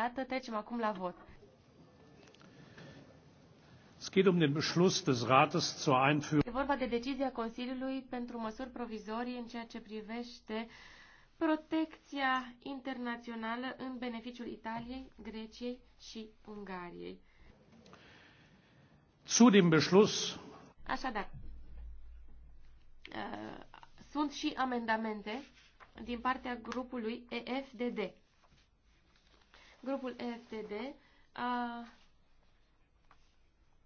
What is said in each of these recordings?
dată. Trecem acum la vot. Es geht um den Beschluss des Rates zur Einführung. E vorba de decizia Consiliului pentru măsuri provizorii în ceea ce privește protecția internațională în beneficiul Italiei, Greciei și Ungariei. Zu dem Beschluss. Așadar, uh, sunt și amendamente din partea grupului EFDD grupul EFTD a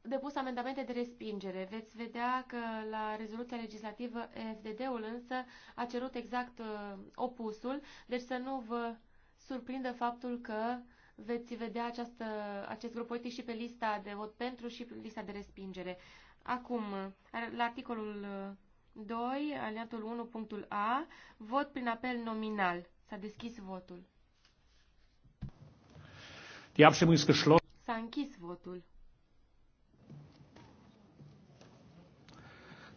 depus amendamente de respingere. Veți vedea că la rezoluția legislativă FDD-ul însă a cerut exact uh, opusul, deci să nu vă surprindă faptul că veți vedea această, acest grup politic și pe lista de vot pentru și pe lista de respingere. Acum, la articolul 2, aliatul 1.a, vot prin apel nominal. S-a deschis votul. Die Abstimmung ist geschlossen. S-a închis votul.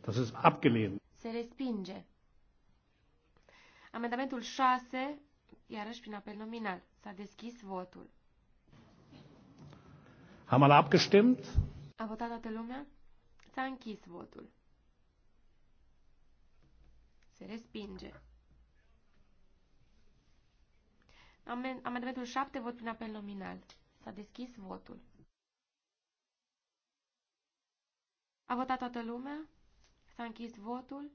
Das ist abgelehnt. Se respinge. Amendamentul 6, iarăși prin apel nominal. S-a deschis votul. Am alle abgestimmt? A votat toată lumea? S-a închis votul. Se respinge. Amendamentul 7, vot prin apel nominal. S-a deschis votul. A votat toată lumea? S-a închis votul?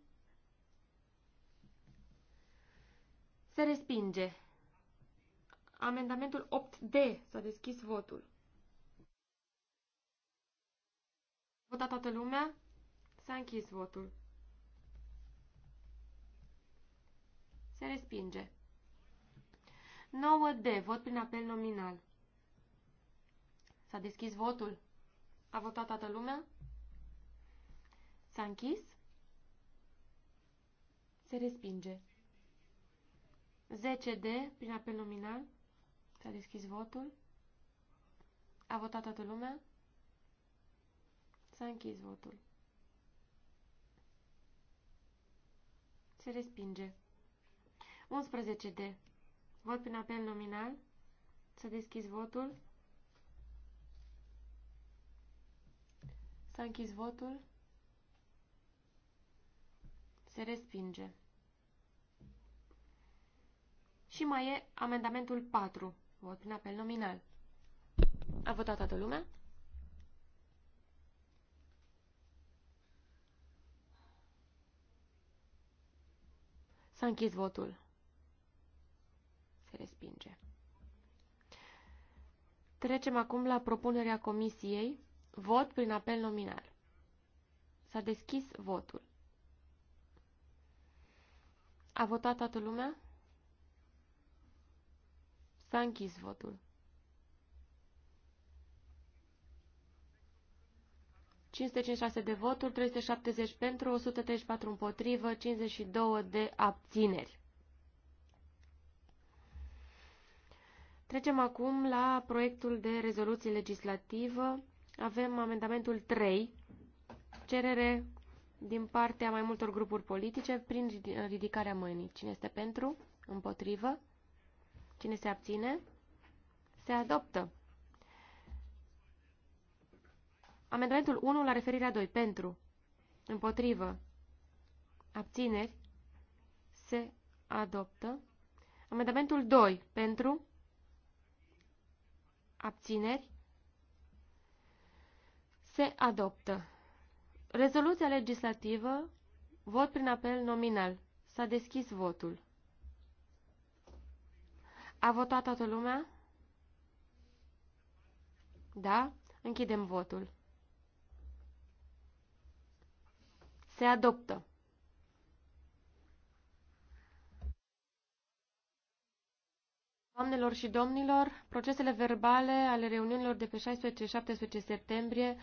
Se respinge. Amendamentul 8D. S-a deschis votul. A votat toată lumea? S-a închis votul. Se respinge. 9D, vot prin apel nominal. S-a deschis votul. A votat toată lumea? S-a închis? Se respinge. 10D, prin apel nominal. S-a deschis votul. A votat toată lumea? S-a închis votul. Se respinge. 11D. Vot prin apel nominal. Să deschizi votul. S-a închis votul. Se respinge. Și mai e amendamentul 4. Vot prin apel nominal. A votat toată lumea? S-a închis votul respinge. Trecem acum la propunerea comisiei. Vot prin apel nominal. S-a deschis votul. A votat toată lumea? S-a închis votul. 556 de voturi, 370 pentru, 134 împotrivă, 52 de abțineri. Trecem acum la proiectul de rezoluție legislativă. Avem amendamentul 3, cerere din partea mai multor grupuri politice prin ridicarea mâinii. Cine este pentru? Împotrivă? Cine se abține? Se adoptă. Amendamentul 1 la referirea 2. Pentru. Împotrivă. Abțineri. Se adoptă. Amendamentul 2. Pentru. Abțineri? Se adoptă. Rezoluția legislativă, vot prin apel nominal. S-a deschis votul. A votat toată lumea? Da? Închidem votul. Se adoptă. Doamnelor și domnilor, procesele verbale ale reuniunilor de pe 16-17 septembrie